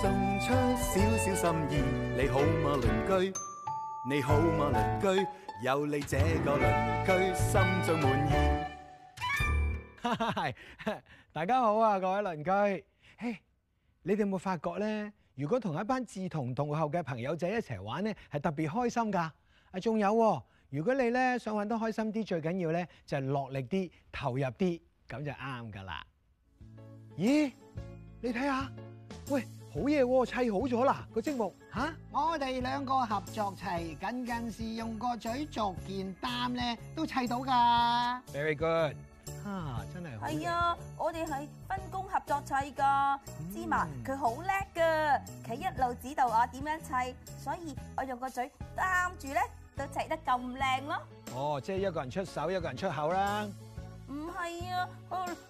送出少少心意，你好嗎鄰居？你好嗎鄰居？有你這個鄰居，心中滿意。大家好啊，各位鄰居，誒，你哋有冇發覺咧？如果同一班志同道合嘅朋友仔一齊玩咧，係特別開心噶。啊，仲有，如果你咧想玩得開心啲，最緊要咧就係落力啲，投入啲，咁就啱噶啦。咦？你睇下，喂！好嘢喎，砌好咗啦個積木嚇！我哋兩個合作砌，僅僅是用個嘴逐件擔咧都砌到㗎。Very good，嚇真係。係啊，我哋係分工合作砌噶。芝麻佢好叻㗎，佢一路指導我點樣砌，所以我用個嘴擔住咧都砌得咁靚咯。哦，即係一個人出手，一個人出口啦。唔係啊，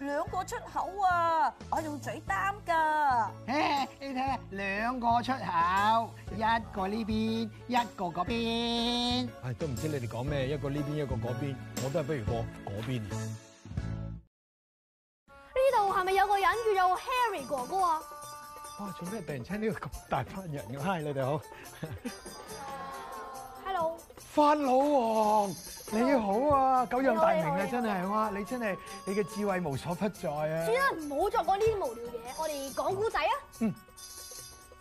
兩個出口啊，我用嘴噏㗎。你睇下，兩個出口，一個呢邊，一個嗰邊。唉，都唔知你哋講咩，一個呢邊，一個嗰邊，我都係不如過嗰邊。呢度係咪有個人叫做 Harry 哥哥啊？哇，做咩突然之間呢個咁大班人要 hi 你哋好？范老王，你好啊！久仰大名啊，真係哇！你真係你嘅智慧無所不在啊！算啦，唔好作過呢啲無聊嘢，我哋講古仔啊！嗯，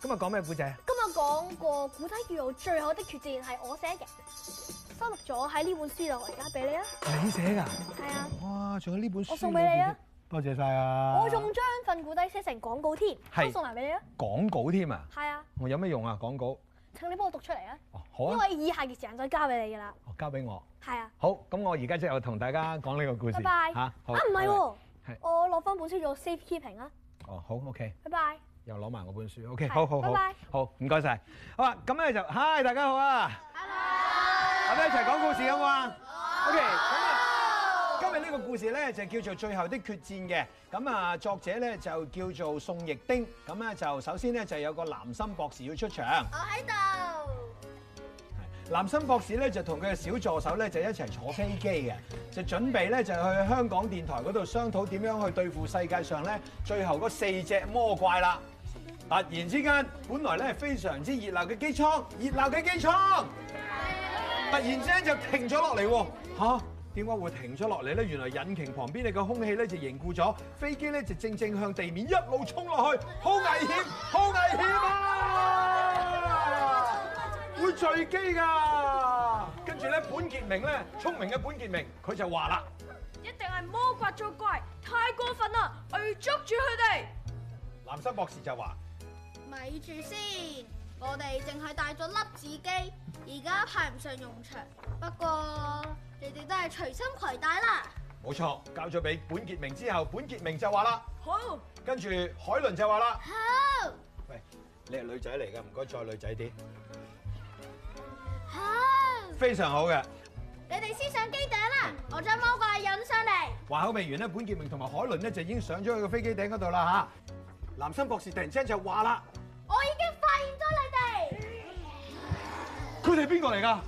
今日講咩古仔？今日講個古仔叫做《最後的決戰》，係我寫嘅，收錄咗喺呢本書度，而家俾你啊！你寫㗎？係啊！哇，仲有呢本書，我送俾你啊！多謝晒啊！我仲將份古仔寫成廣告添，我送埋俾你啊！廣告添啊？係啊！我有咩用啊？廣告？請你幫我讀出嚟啊！哦，好啊，因為以下嘅時間再交俾你噶啦。哦，交俾我。係啊。好，咁我而家即係同大家講呢個故事。拜拜。吓，啊唔係喎，係我攞翻本書做 safekeeping 啊。哦，好，OK。拜拜。又攞埋我本書，OK，好好。拜拜。好，唔該晒。好啊，咁咧就，hi，大家好啊。Hello。阿媽一齊講故事好嘛？好。OK。今日呢個故事咧就叫做《最後的決戰》嘅，咁啊作者咧就叫做宋易丁，咁咧就首先咧就有個男心博士要出場，我喺度。男心博士咧就同佢嘅小助手咧就一齊坐飛機嘅，就準備咧就去香港電台嗰度商討點樣去對付世界上咧最後嗰四隻魔怪啦。突然之間，本來咧非常之熱鬧嘅機艙，熱鬧嘅機艙，突然之間就停咗落嚟喎，嚇！點解會停咗落嚟咧？原來引擎旁邊嘅空氣咧就凝固咗，飛機咧就正正向地面一路衝落去，好危險，好危險啊！會墜機㗎。跟住咧，本傑明咧，聰明嘅本傑明，佢就話啦：，一定係魔怪作怪，太過分啦，我捉住佢哋。藍生博士就話：，咪住先，我哋淨係帶咗粒子機，而家派唔上用場，不過。你哋都係隨身攜帶啦。冇錯，交咗俾本傑明之後，本傑明就話啦。好。跟住海倫就話啦。好。喂，你係女仔嚟噶，唔該再女仔啲。好。非常好嘅。你哋先上機頂啦，我將魔鬼引上嚟。話口未完呢，本傑明同埋海倫呢就已經上咗去個飛機頂嗰度啦吓。男生博士突然之間就話啦：，我已經發現咗你哋。佢哋係邊個嚟噶？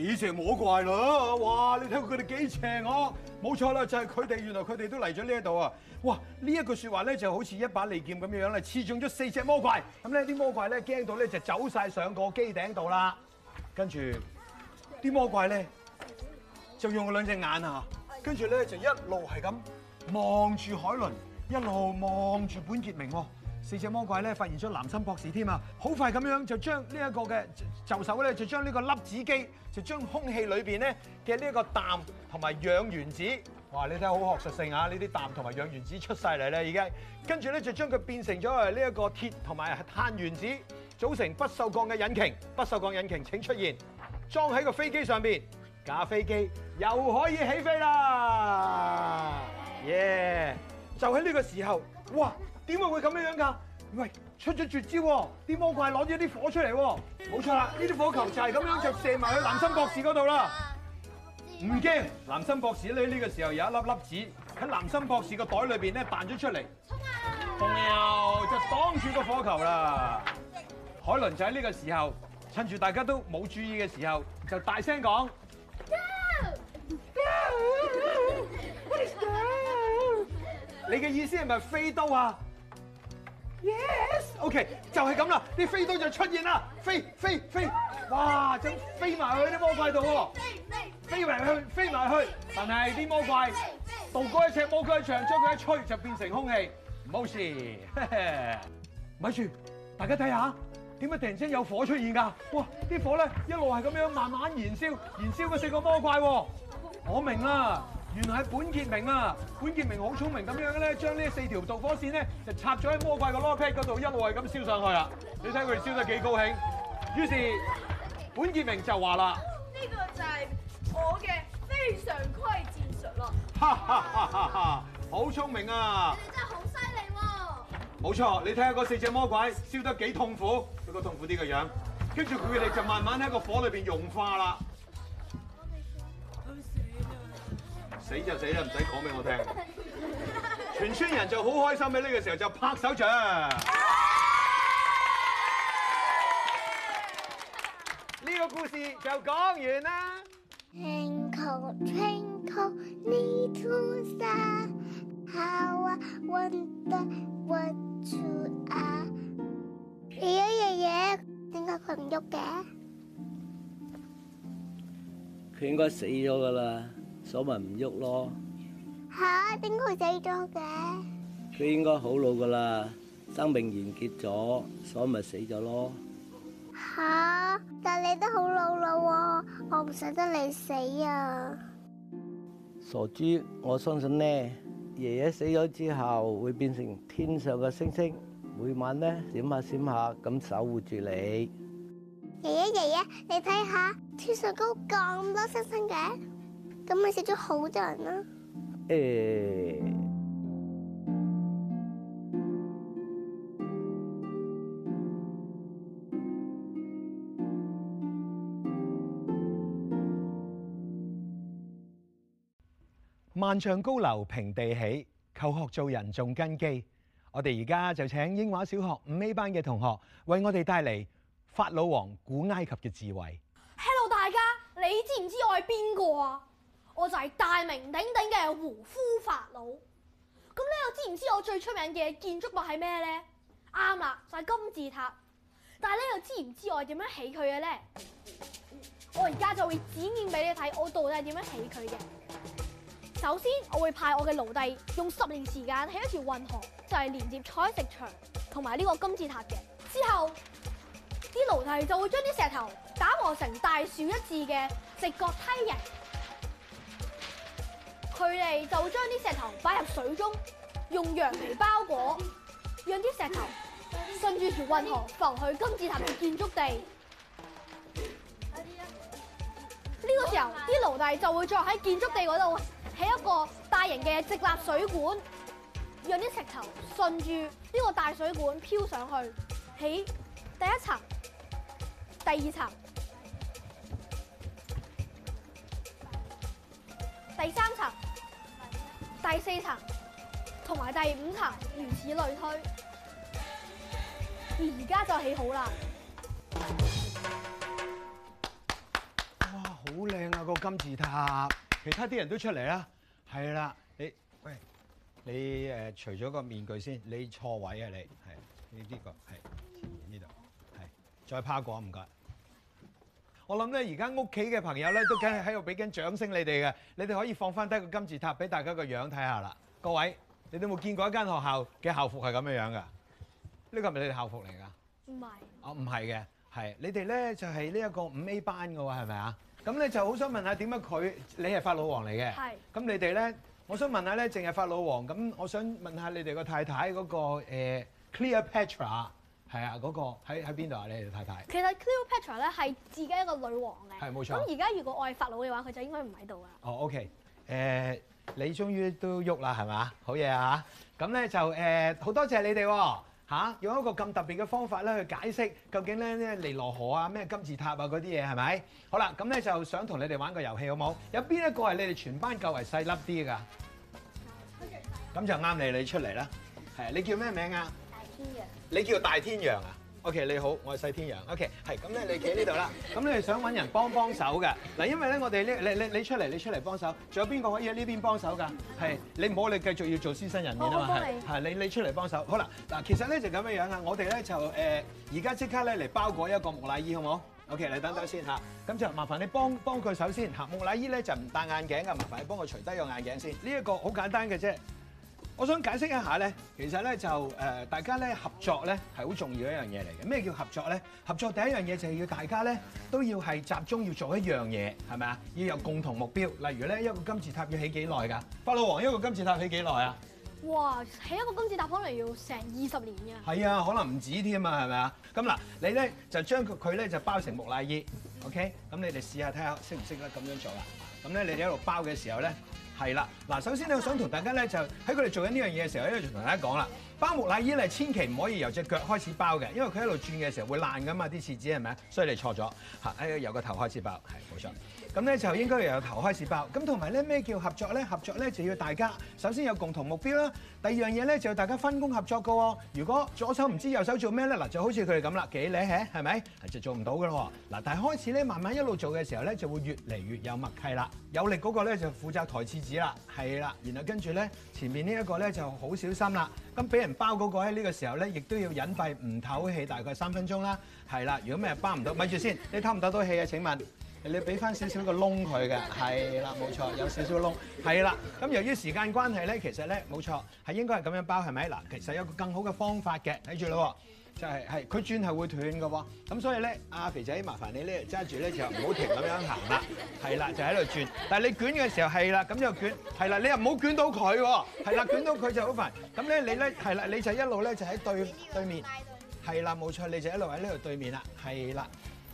幾隻魔怪啦，哇！你睇佢哋幾邪惡，冇錯啦，就係佢哋，原來佢哋都嚟咗呢一度啊！哇，呢一句說話咧就好似一把利劍咁樣樣咧，刺中咗四隻魔怪，咁咧啲魔怪咧驚到咧就走晒上個機頂度啦，跟住啲魔怪咧就用咗兩隻眼啊，跟住咧就一路係咁望住海倫，一路望住本傑明。四隻魔鬼咧發現咗藍森博士添啊！好快咁樣就將呢一個嘅就手咧，就將呢個粒子機就將空氣裏邊咧嘅呢一個氮同埋氧原子，哇！你睇下好學術性啊！呢啲氮同埋氧原子出晒嚟咧已經，跟住咧就將佢變成咗係呢一個鐵同埋碳原子組成不鏽鋼嘅引擎，不鏽鋼引擎請出現，裝喺個飛機上邊，架飛機又可以起飛啦耶！Yeah, 就喺呢個時候，哇！點會會咁樣樣㗎？喂，出咗絕招喎！啲魔怪攞咗啲火出嚟喎，冇錯啦！呢啲火球就係咁樣就射埋去南森博士嗰度啦。唔驚，南森博士咧呢個時候有一粒粒子喺南森博士個袋裏面咧彈咗出嚟。沖啊！友 heads 就擋住個火球啦。heads 海倫就喺呢個時候，趁住大家都冇注意嘅時候，就大聲講：Go，go，wait。你嘅意思係咪飛刀啊？Yes，OK，okay，就係咁啦，啲飛刀就出現啦，飛飛飛，哇，飛飛就飛埋去啲魔怪度喎，飛飛埋去，飛埋去，但係啲魔怪，道過一尺魔怪長，將佢一吹就變成空氣，冇事。咪住、就是的，大家睇下，點解突然之間有火 dif. 出現㗎？哇，啲火咧一路係咁樣慢慢燃燒，燃燒嗰四個魔怪喎，uh。我明啦。原來係本傑明啊！本傑明好聰明咁樣咧，將呢四條導火線咧就插咗喺魔鬼個籮柚嗰度一路咁燒上去啊。你睇佢哋燒得幾高興，於是本傑明就話啦：呢個就係我嘅非常規戰術咯！哈哈哈！哈哈，好聰明啊，你啊！你哋真係好犀利喎！冇錯，你睇下嗰四隻魔鬼燒得幾痛苦，佢個痛苦呢個樣，跟住佢哋就慢慢喺個火裏面融化啦。死就死啦，唔使講俾我聽。全村人就好開心，喺呢個時候就拍手掌。呢個故事就講完啦。清空清空你土沙，娃娃我的我的啊。咦，爺爺點解唔喐嘅？佢應該死咗噶啦。所以咪唔喐咯。嚇？點解佢死咗嘅？佢應該好老噶啦，生命完結咗，所以咪死咗咯。嚇！但你都好老咯，我唔捨得你死啊。傻豬，我相信咧，爺爺死咗之後會變成天上嘅星星，每晚咧閃下閃下咁守護住你。爺爺爺爺，你睇下天上高咁多星星嘅。咁咪死咗好多人啦！誒、嗯，萬丈高樓平地起，求學做人仲根基。我哋而家就請英華小學五 A 班嘅同學為我哋帶嚟法老王古埃及嘅智慧。我就係大名鼎鼎嘅胡夫法老。咁你又知唔知道我最出名嘅建築物係咩咧？啱啦，就係、是、金字塔。但係你又知唔知道我點樣起佢嘅咧？我而家就會展現俾你睇，我到底點樣起佢嘅。首先，我會派我嘅奴隸用十年時間起一條運河，就係、是、連接採石場同埋呢個金字塔嘅。之後，啲奴隸就會將啲石頭打磨成大小一致嘅直角梯形。佢哋就將啲石頭擺入水中，用羊皮包裹，讓啲石頭順住條運河浮去金字塔嘅建築地。呢個時候，啲奴隸就會再在喺建築地嗰度，起一個大型嘅直立水管，讓啲石頭順住呢個大水管飄上去，起第一層、第二層、第三層。第四層同埋第五層，如此類推。而家就起好啦。哇，好靚啊！個金字塔！其他啲人都出嚟啦。係啦，你喂，你誒，除、呃、咗個面具先，你錯位啊你，係你呢個，係前面呢度，係再趴過唔該。我諗咧，而家屋企嘅朋友咧，都梗係喺度俾緊掌聲你哋嘅，你哋可以放翻低個金字塔俾大家個樣睇下啦。各位，你哋有冇見過一間學校嘅校服係咁樣樣嘅？呢個係咪你哋校服嚟㗎？唔係。哦，唔係嘅，係你哋咧就係呢一個五 A 班㗎喎，係咪啊？咁咧就好想問下點解佢，你係法老王嚟嘅。係。咁你哋咧，我想問下咧，淨係法老王，咁我想問下你哋個太太嗰個 Cleopatra。欸 Cle 係啊，嗰、那個喺喺邊度啊？你哋太太其實 Cleopatra 咧係自己一個女王嚟。係冇錯。咁而家如果我係法老嘅話，佢就應該唔喺度噶。哦、oh，OK、呃。誒，你終於都喐啦，係咪？好嘢啊！咁咧就誒好多謝你哋嚇、啊啊，用一個咁特別嘅方法咧去解釋究竟咧咩尼羅河啊、咩金字塔啊嗰啲嘢係咪？好啦，咁咧就想同你哋玩個遊戲好冇？有邊一個係你哋全班較為細粒啲㗎？咁 就啱你你出嚟啦，係你叫咩名啊？天陽，你叫大天陽啊羊？OK，你好，我係細天陽。OK，係咁咧，你企呢度啦。咁 你係想搵人幫幫手嘅嗱，因為咧我哋呢，你你你出嚟，你出嚟幫手，仲有邊個可以喺呢邊幫手㗎？係、嗯嗯、你唔好，你繼續要做獅身人面嘅啦嘛。我、嗯嗯、你。係你出嚟幫手。好啦，嗱，其實咧就咁樣樣啊。我哋咧就誒，而家即刻咧嚟包裹一個木乃伊，好唔好？OK，你等等先嚇。咁好、啊、就麻煩你幫幫佢首先嚇木乃伊咧就唔戴眼鏡㗎，麻煩你幫佢除低個眼鏡先。呢、這、一個好簡單嘅啫。我想解釋一下咧，其實咧就誒大家咧合作咧係好重要一樣嘢嚟嘅。咩叫合作咧？合作第一樣嘢就係要大家咧都要係集中要做一樣嘢，係咪啊？要有共同目標。例如咧一個金字塔要起幾耐㗎？法老王一個金字塔起幾耐啊？哇！起一個金字塔可能要成二十年㗎。係啊，可能唔止添嘛，係咪啊？咁嗱，你咧就將佢佢咧就包成木乃伊，OK？咁你哋試下睇下識唔識得咁樣做啦。咁咧你哋一路包嘅時候咧。係啦，嗱，首先我咧想同大家咧就喺佢哋做緊呢樣嘢嘅時候，咧就同大家講啦，包木乃伊咧千祈唔可以由隻腳開始包嘅，因為佢喺度轉嘅時候會爛噶嘛，啲廁紙，係咪啊？所以你錯咗吓，由個頭開始包，係冇錯。咁咧就應該由頭開始包。咁同埋咧咩叫合作咧？合作咧就要大家首先有共同目標啦。第二樣嘢咧就要大家分工合作噶喎、哦。如果左手唔知右手做咩咧，嗱就好似佢哋咁啦，幾叻係咪？就做唔到噶喎。嗱，但係開始咧，慢慢一路做嘅時候咧，就會越嚟越有默契啦。有力嗰個咧就負責抬廁紙啦，係啦。然後跟住咧前面呢一個咧就好小心啦。咁俾人包嗰個喺呢個時候咧，亦都要隱蔽唔透氣，大概三分鐘啦。係啦，如果咩包唔到，咪住先，你透唔透到氣啊？請問？你俾翻少少個窿佢嘅，係啦，冇錯，有少少窿，係啦。咁由於時間關係咧，其實咧冇錯，係應該係咁樣包，係咪？嗱，其實有個更好嘅方法嘅，睇住咯，就係係佢轉係會斷嘅喎。咁所以咧，阿肥仔，麻煩你呢揸住咧時候唔好停咁樣行啦，係啦，就喺度轉。但係你捲嘅時候係啦，咁就捲，係啦，你又唔好捲到佢喎，係啦，捲到佢就好煩。咁咧你咧係啦，你就一路咧就喺對對面，係啦，冇錯，你就一路喺呢度對面啦，係啦。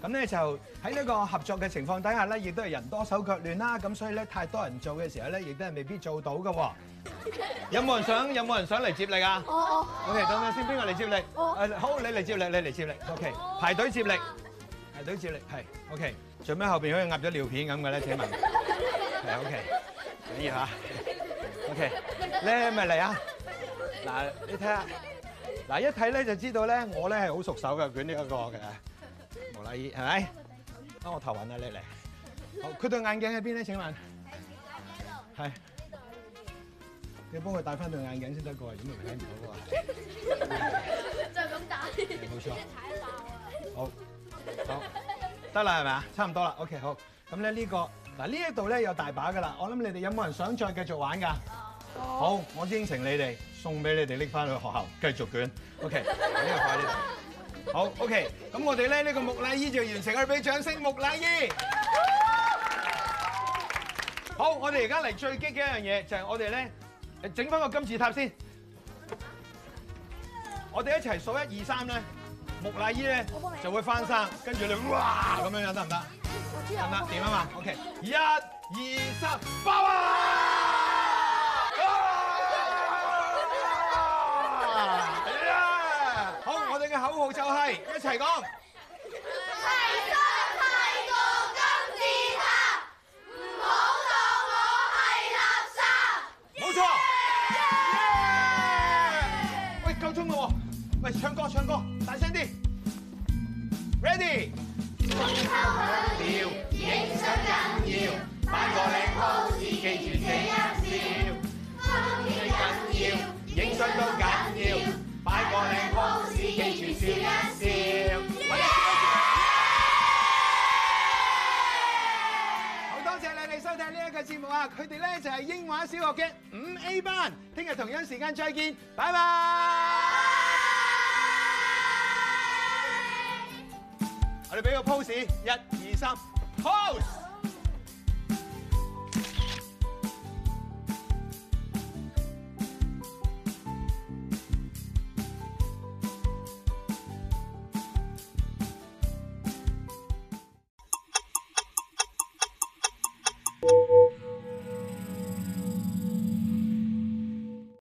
咁咧就喺呢個合作嘅情況底下咧，亦都係人多手腳亂啦。咁所以咧太多人做嘅時候咧，亦都係未必做到嘅。有冇人想，有冇人想嚟接力啊？哦哦。O K，等等先，邊個嚟接力？哦。誒，好，你嚟接力，你嚟接力。O K，排隊接力，排隊接力係。O K，做咩後邊好似壓咗尿片咁嘅咧？請問？係啊。O K，等下。O K，你係咪嚟啊？嗱，你睇下，嗱一睇咧就知道咧，我咧係好熟手嘅捲呢一個嘅。係咪？幫我頭暈下你嚟。好，佢對眼鏡喺邊咧？請問。係。係。你幫佢戴翻對眼鏡先得㗎，點明睇唔到㗎。就咁打。冇錯。好。好。得啦，係咪啊？差唔多啦。OK，好。咁咧呢個嗱呢一度咧有大把㗎啦。我諗你哋有冇人想再繼續玩㗎？好，我應承你哋，送俾你哋拎翻去學校繼續捲。OK，呢個快啲。好，OK。咁我哋咧呢個木乃伊就完成啦，俾掌聲，木乃伊。好，我哋而家嚟最激嘅一樣嘢，就係我哋咧整翻個金字塔先。我哋一齊數一二三咧，木乃伊咧就會翻生，跟住你哇咁樣樣得唔得？得唔得？點啊嘛？OK，一二三，爆啊！就係一齊講，齊個齊個金字塔，唔好當我係垃圾。冇錯。Yeah. 喂，夠鍾啦喎！喂，唱歌唱歌，大聲啲。Ready。節目啊！佢哋咧就係英華小學嘅五 A 班，聽日同樣時間再見，拜拜！拜拜，我哋俾個 pose，一二三，pose。